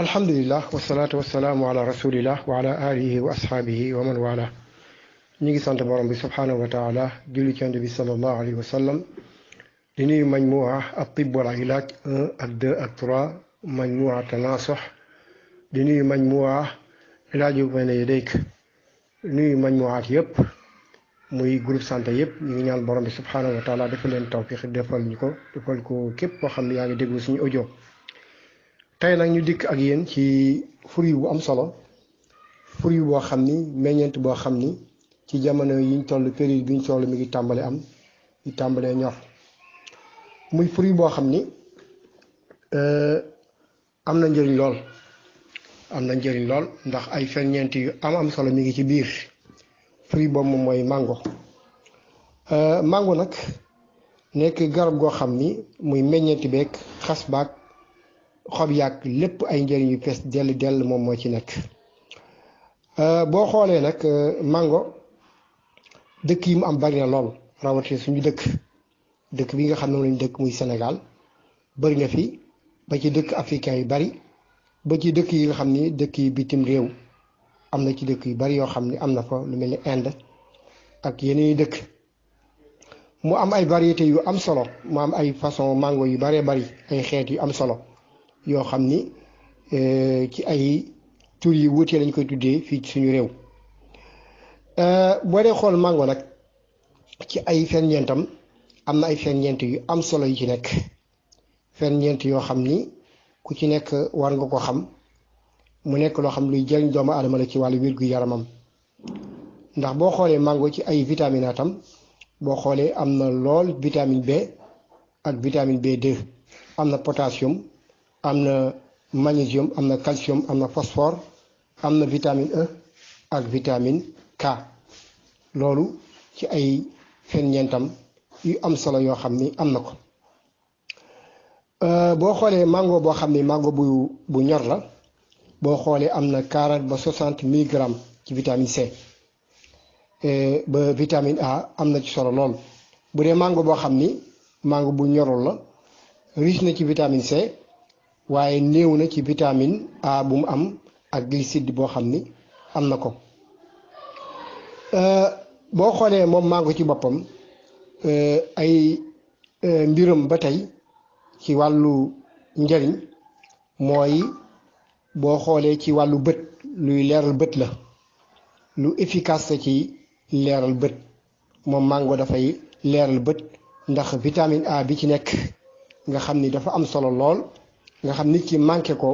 الحمد لله والصلاة والسلام على رسول الله وعلى آله وأصحابه ومن والاه نيجي سانت بارم سبحانه وتعالى جلي كان النبي صلى الله عليه وسلم لني مجموعة الطب والعلاج أد أترى مجموعة تناصح لني مجموعة علاج بين يديك لني مجموعة يب muy groupe santé yépp ñu ngi ñaan borom bi subhanahu wa ta'ala defal leen tawfiq defal ñuko defal ko képp koo xam ne yaa ngi déglu suñu audio tey nag ñu dikk ak yéen ci fruit bu am solo fruit boo xam ni meññeent boo xam ni ci jamono yiñ toll période biñ toll mu ngi tàmbale am di tàmbalee ñor muy fruit boo xam ni eh, am na njëriñ lool am na njëriñ lool ndax ay ferñeent yu am am solo mi ngi ci biir fruit boobu moom mooy màngo eh, mango nag nekk garab goo xam ni muy meññeenti beeg xas baag xob yàgg lépp ay njëriñ yu fees dell dell moom moo ci nekk boo xoolee nag mango dëkk yi mu am bari na lool rawatina suñu dëkk dëkk bi nga xam ne lañ dëkk muy Sénégal bari na fi ba ci dëkk africain yu bari ba ci dëkk yi nga xam ni dëkk yi bitim réew am na ci dëkk yu bari yoo xam ni am na fa lu mel ni Inde ak yeneen yi dëkk mu am ay variété yu am solo mu am ay façon mango yu bare bari ay xeet yu am solo. yoo xam ni euh, ci ay tur yi wuute lañ koy tuddee fii ci suñu réew euh, boo dee xool màngo nag ci ay ferñeentam am na ay ferñeent yu am solo yu ci nekk ferñeent yoo xam ni ku ci nekk war nga ko xam mu nekk loo xam luy jëriñ doomu aadama la ci wàllu wérgu yaramam ndax boo xoolee màngo ci ay vitaminaatam boo xoolee am na lool vitamine B ak vitamine B2 am na potassium am na magnésium am calcium am phosphore am vitamine E ak vitamine K loolu ci ay ferñeentam yu am solo yo xamni ni am na ko euh, mango bo xamni mango bu bu ñor la bo xolé am na ba 60 milligrammes ci vitamine C euh, ba vitamine A am ci solo lool bu dé mango bo xamni mango bu ñorul la riche na ci vitamine C waaye néew na ci vitamine A bu mu am ak glycide boo xam ni am na ko euh, boo xoolee moom mango ci boppam euh, ay euh, mbiram ba tey ci wàllu njëriñ mooy boo xoolee ci wàllu bët luy leeral bët la lu efficace sa ci leeral bët moom mango dafay leeral bët ndax vitamine A bi ci nekk nga xam ni dafa am solo lool nga xam nit ki manqué ko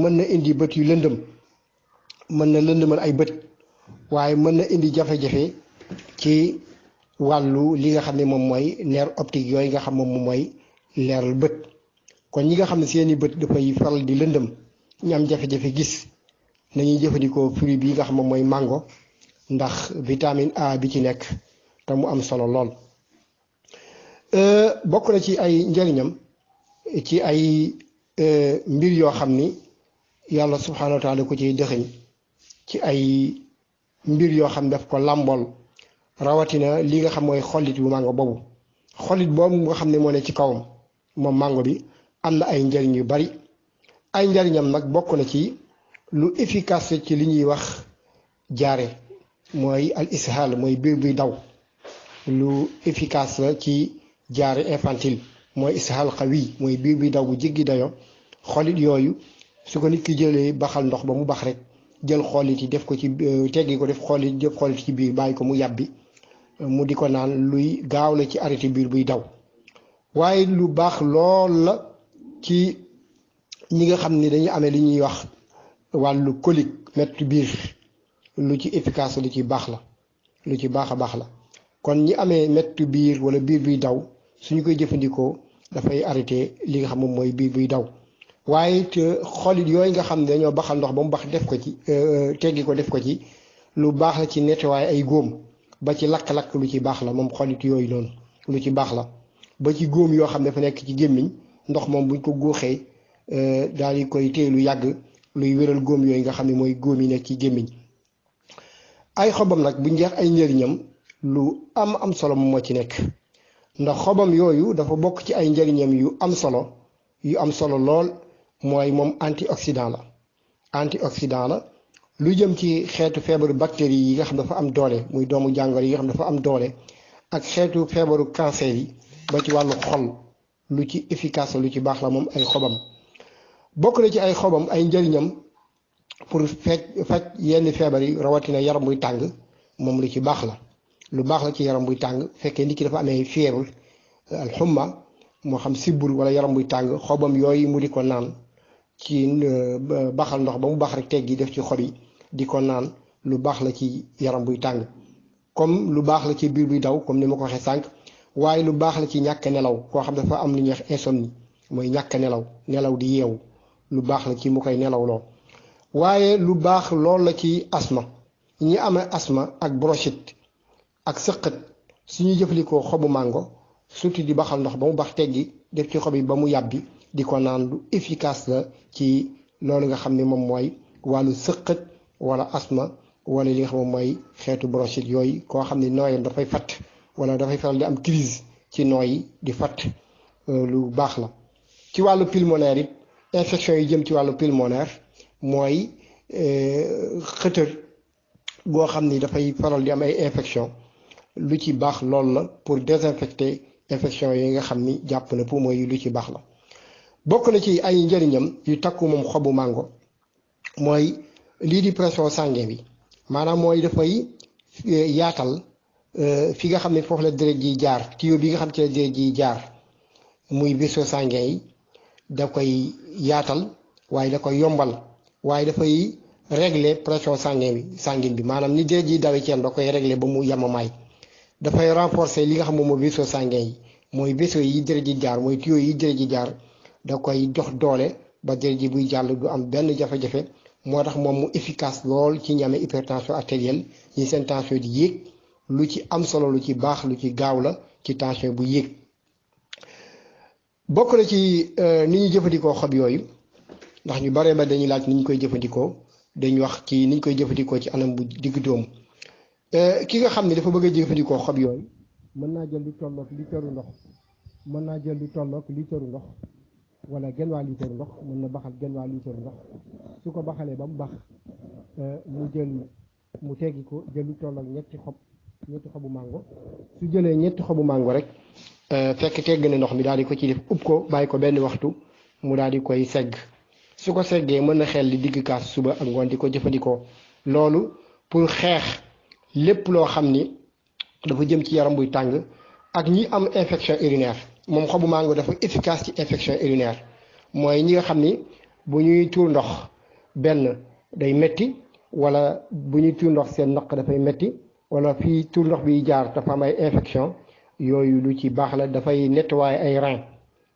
mën na indi bët yu lëndëm mën na lëndëmal ay bët waaye mën na indi jafe-jafe ci wàllu li nga xam ne moom mooy nerf optique yooyu nga xam moom mooy leeral bët kon ñi nga xam ne seeni bët dafay faral di lëndëm ñam am jafe-jafe gis nañuy jëfandikoo fruit bii nga xam moom mooy mango ndax vitamine A bi ci nekk te mu am solo lool euh, bokk na ci ay njëriñam ci ay Eh, mbir yoo xam ni yàlla subhanahu wa ko ci ciy dëxëñ ci ay mbir yoo xam daf ko làmbool rawatina li nga xam mooy xollit bu màngo boobu xollit boobu nga xam ne moo ne ci kawam moom màngo bi am na ay njariñ yu bari ay njariñam nag bokk na ci lu efficace ci li ñuy wax jaare mooy al ishal mooy biir buy daw lu efficace la ci jaare infantile mooy istihal qawi mooy biir bi daw bu jéggi dayoo xoolit yooyu su ko nit ki jëlee baxal ndox ba mu bax rek jël xoolit yi def ko ci euh, teggi ko def xoolit def xoolit ci biir bàyyi ko mu yàbbi mu di ko naan luy gaaw la ci arrêté biir buy daw waaye lu baax lool la ci ñi nga xam ni dañuy amee li ñuy wax wàllu colique métti biir lu ci efficace lu ci baax la lu ci baax a baax la kon ñi amee métti biir wala biir buy daw suñu koy jëfandikoo dafay arrêté li nga xam moom mooy bii buy daw waaye it euh, xolit yooyu nga xam ne dañoo baxal ndox ba mu bax def ko ci euh, euh, teggi ko def ko ci lu baax la ci nettoyé ay góom ba ci lakk-lakk lu ci baax la moom xolit yooyu noonu lu ci baax la ba ci góom yoo xam ne dafa nekk ci gémmiñ ndox moom bu ñu ko góoxee daal di koy téye lu yàgg luy wéral góom yooyu nga xam ne mooy góom yi nekk ci gémmiñ ay xobam nag bu njeex ay njëriñam lu am am solo moo ci nekk ndax xobam yooyu dafa bokk ci ay njëriñam yu am solo yu am solo lool mooy moom antioxydant la antioxydant la lu jëm ci xeetu feebaru bactéries yi nga xam dafa am doole muy doomu jàngoro yi nga xam dafa am doole ak xeetu feebaru cancer yi ba ci wàllu xol lu ci efficace lu ci baax la moom ay xobam bokk na ci ay xobam ay njëriñam pour faj faj yenn feebar yi rawatina yaram muy tàng moom lu ci baax la lu bax la ci yaram buy tàng fekkee nit ki dafa amee fièvre alxumma moo xam sibbur wala yaram buy tàng xobam yooyu mu di ko naan ci baxal ndox ba mu bax rek teggi def ci xob yi di ko naan lu bax la ci yaram buy tàng comme lu bax la ci biir buy daw comme ni ma ko waxee sànq waaye lu bax la ci ñàkk nelaw koo xam dafa am lu ñuy wax insomnie mooy ñàkk nelaw nelaw di yeewu lu bax la ci mu koy nelaw loo waaye lu baax lool la ci asma ñi am asma ak bronchite ak vous suñu jëfandikoo xobu mango surtout di baxal ndox ba mu bax teggi def ci xob yi ba mu yàbbi di efficace la ci loolu nga xam ne moom mooy wàllu wala asma wala li nga xam mooy xeetu bronchite wala faral di crise ci di euh, lu la ci pulmonaire infection yi jëm ci pulmonaire euh, faral di am ay infection lu ci baax lool la pour désinfecter infection yi nga xam ni jàpp na pour yi lu ci baax la bokk na ci ay njëriñam yu takku moom xobu màngo mooy lii di pression sanguin bi maanaam mooy dafay eh, yaatal eh, fi nga xam ne foofu la deret ji jaar tuyau bi nga xam ci la deret ji jaar muy vaisseau sanguin yi koy yaatal waaye da koy yombal waaye dafay régler pression sanguin bi sanguin bi maanaam ni deret ji dawee ceen yaram koy régler ba mu yemamaay dafay renforcer li nga xam moom mooy vaisseau sanguin mooy vaisseau yi deret ji jaar mooy tuyau yi deret ji jaar da koy jox doole ba deret ji buy jàll du am benn jafe-jafe moo tax moom mu efficace lool ci ñi amee hypertension artérielle ñi seen tension di yéeg lu ci am solo lu ci baax lu ci gaaw la ci tension bu yéeg bokk na ci euh, ni ñu jëfandikoo xob yooyu ndax ñu bare ba dañuy laaj ni ñu koy jëfandikoo dañuy wax ci ni ñu koy jëfandikoo ci anam bu digg dóomu Euh, ki nga xam ne dafa bëgg jëfandikoo xob yooyu mën naa jël lu tolloog liitaru ndox mën naa jël lu tolloog liitaru ndox wala genn waa ndox mën na baxal genn waa liitaru ndox su ko baxalee ba mu bax euh, mu jël mu teggi ko jël lu tolloog ñetti xob ñetti xobu mango su jëlee ñetti xobu mango rek euh, fekk tegg na ndox mi daal di ko ci def ub ko bàyyi ko benn waxtu mu daal di koy segg su ko seggee mën na xel di digg kaas suba ak ngoon di ko jëfandikoo loolu pour xeex. lépp loo xam ni dafa jëm ci yaram buy tàng ak ñi am infection urinaire moom xobu mango dafa efficace ci infection urinaire mooy ñi nga xam ni bu ñuy tuur ndox benn day metti wala bu ñuy tuur ndox seen ndox dafay metti wala fii tuur ndox bi jaar dafa am ay infection yooyu lu ci baax la dafay nettoyer ay rein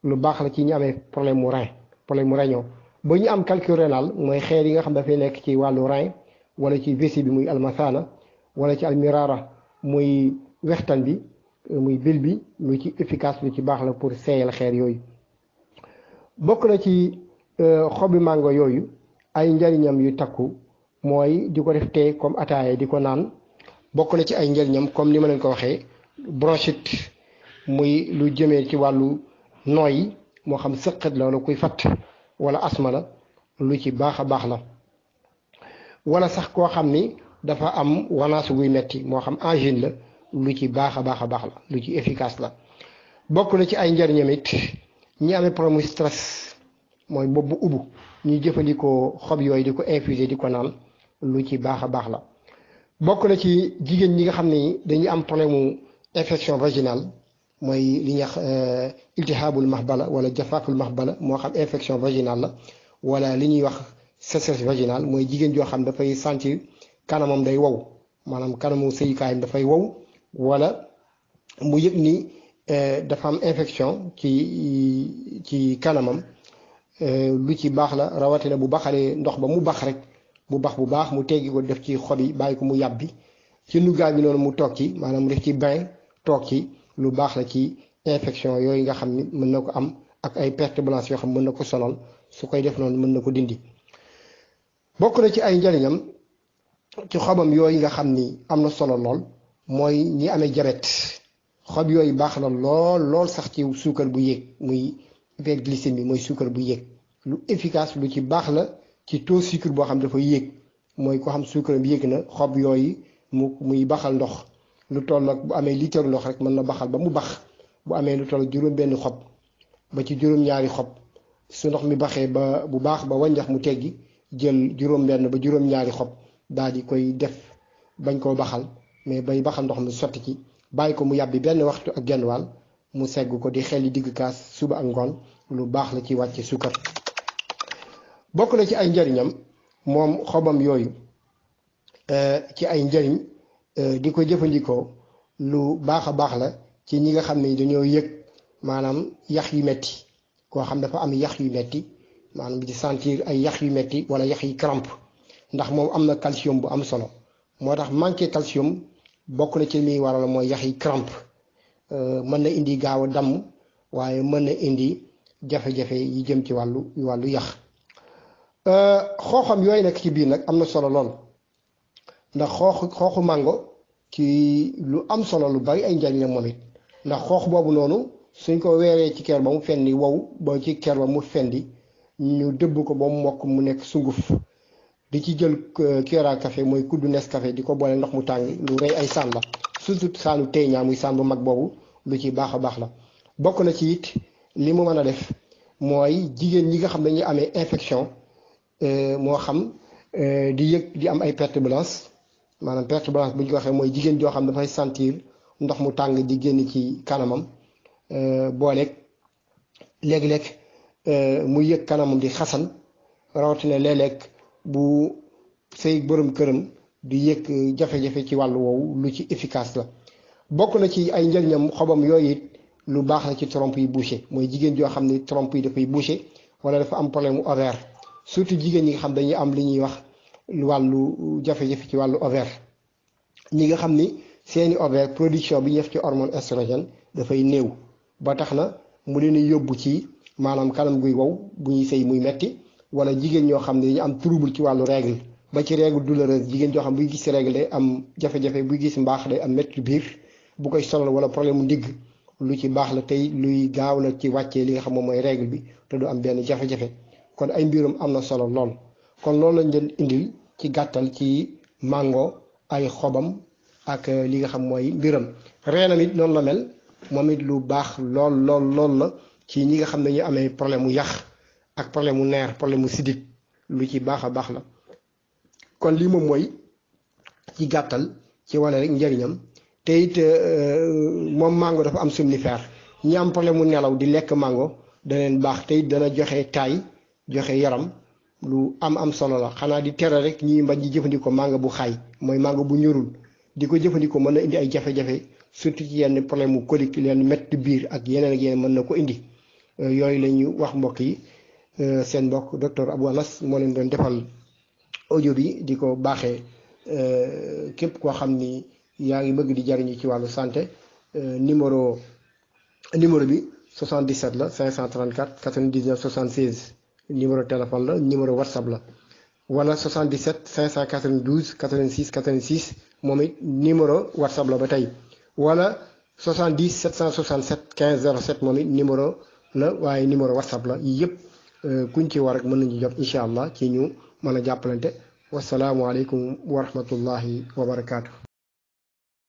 lu baax la ci ñu amee problème mu rein problème mu réunion ba ñu am calcul rénal mooy xeer yi nga xam dafay nekk ci wàllu rein wala ci vessie bi muy almasana wala ci almiraara muy wextan bi muy bil bi lu ci efficace lu ci baax la pour seeyal xeer yooyu bokk na ci euh, xobi màngo yooyu ay njariñam yu takku mooy di ko def tee comme ataaya di ko naan bokk na ci ay njariñam comme ni ma leen ko waxee bronchite muy lu jëmee ci wàllu nooy moo xam sëqat la wala kuy fat wala asma la lu ci baax a baax la wala sax koo xam ni dafa am wanaas guy metti moo xam angine la lu ci baax a baax a baax la lu ci efficace la bokk na ci ay njariñam it ñi amee problème stress mooy bopp bu ubbu ñuy jëfandikoo xob yooyu di ko infuser di ko naan lu ci baax a baax la bokk na ci jigéen ñi nga xam ni dañuy am problème mu infection vaginale mooy li ñuy wax euh, iltihaabul mahbala wala jafaaful mahbala moo xam infection vaginale la wala li ñuy wax sécheresse vaginale mooy jigéen joo xam dafay sentir kanamam day wow maanaam kanamu sëyukaayam dafay wow wala mu yëg ni eh, dafa am infection ci ci kanamam eh, lu ci baax la rawatina bu baxalee ndox ba mu bax rek bu bax bu baax mu teggi ko def ci xob yi bàyyi ko mu yàbbi ci ndugaa bi noonu mu toog ci maanaam def ci bain toog ci lu baax la ci infection yooyu nga xam ni mën na ko am ak ay perte blanche yoo xam mën na ko sonal su koy def noonu mën na ko dindi bokk na ci ay njariñam ci xobam yooyu nga xam ni am na solo lool mooy ñi amee jabet xob yooyu baax na lool lool sax ci suukar bu yéeg muy hyper glycémie mooy suukar bu yéeg lu efficace lu ci baax la ci taux sucre boo xam dafa yéeg mooy ko xam suukar bi yéeg na xob yooyu mu muy baxal ndox lu toll ak bu amee litre ndox rek mën na baxal ba mu bax bu amee lu toll juróom-benn xob ba ci juróom-ñaari xob su ndox mi baxee ba bu baax ba wàññax mu teggi jël juróom-benn ba juróom-ñaari xob. daal di koy def bañ koo baxal mais bay baxal ndox mi sotti ci bàyyi ko mu yàbbi benn waxtu ak genn wàll mu segg ko di xel yi digg kaas suba ak ngoon lu baax la ci wàcce sukkar bokk na ci ay njariñam moom xobam yooyu euh, ci ay njariñ euh, di ko jëfandikoo lu baax a baax la ci ñi nga xam ne dañoo yëg maanaam yax yu metti koo xam dafa am yax yu metti maanaam di sentir ay yax yu metti wala yax yi karamp ndax moom am na calcium bu am solo moo tax manqué calcium bokk na ci li muy waral mooy yax yi crampe euh, mën na indi gaaw a damm waaye mën na indi jafe-jafe yi jëm ci wàllu wàllu yax euh, xooxam yooyu nekk ci biir nag am na solo lool ndax xooxu xooxu màngo ci lu am solo lu bari ay njariñ la moom it ndax xoox boobu noonu suñ ko weeree ci keer ba mu fendi wow ba ci keer ba mu fendi ñu dëbb ko ba mu mokk mu nekk sunguf di ci jël kera euh, café moy kuddu Nescafé café diko bolé ndox mu tang lu rey ay saan la surtout saanu teeñaa muy saan bu mag boobu lu ci baxa bax la bokk na ci it li mu mën def moy jigéen ñi nga xam dañuy amé infection euh mo xam euh di yek di am ay perte blanche maanaam perte blanche bu ko waxé moy jigéen jo xam dafay sentir ndox mu tang di génn ci kanamam euh bolé leg leg euh mu yek kanamam di xasan rawatina léeg-léeg bu sëy borom këram du yëkk jafe-jafe ci wàllu woowu lu ci efficace la bokk na ci ay njëriñam xobam yooyu it lu baax na ci trompe yi bouché mooy jigéen joo xam ne trompe yi dafay bouché wala dafa am problème mu ovaire surtout jigéen ñi nga xam dañuy am lu ñuy wax lu wàllu jafe-jafe ci wàllu over ñi nga xam ni seeni ovaire production bi ñu ci hormone estrogène dafay néew ba tax na mu leen yóbbu ci maanaam kanam guy wow bu ñuy sëy muy metti wala jigéen ñoo xam ne dañu am trouble ci wàllu règle ba ci règle douleur jigéen joo xam buy gis règle day am jafe-jafe buy gis mbaax day am métti biir bu koy sonal wala problème mu ndigg lu ci baax la tey luy gaaw la ci wàccee li nga xam moom mooy règle bi te du am benn jafe-jafe kon ay mbirum am na solo lool kon loolu lañ leen indil ci gàttal ci mango ay xobam ak li nga xam mooy mbiram reenam it noonu la mel moom it lu baax lool lool lool la ci ñi nga xam ne ñu amee problème mu yàq ak problème mu nerf problème mu sidik lu ci baxa bax la kon li mom moy ci gattal ci wala rek njariñam te it euh, mom mango dafa am somnifère ñi am problème mu nelaw di lek mango len bax te it dana joxe tay, joxe yaram lu am am solo la xana di téré rek ñi mbañ di jëfëndiko mango bu xay moy mango bu ñurul di ko mëna indi ay jafe-jafe surtout ci yenn problème mu colique yenn metti biir ak yenen ak yenen mëna ko indi euh, yoy lañu wax mbokk yi Euh, seen mbokk docteur Abou Anas moo leen doon defal audio bi di ko baaxee euh, képp koo xam ni yaa ngi bëgg di jariñu ci wàllu sante euh, numéro numéro bi 77 la 534 99 76 numéro la numéro whatsapp la wala 77 592 86 86 moom it numéro whatsapp la ba tey wala 70 767 15 07 moom it numéro la waaye numéro whatsapp la yii yëpp. Euh, kuñ ci war rek mën nañu jot incha allah ci ñu mën a jàppalante wasalaamualeykum wa rahmatullahi wa barakaatu.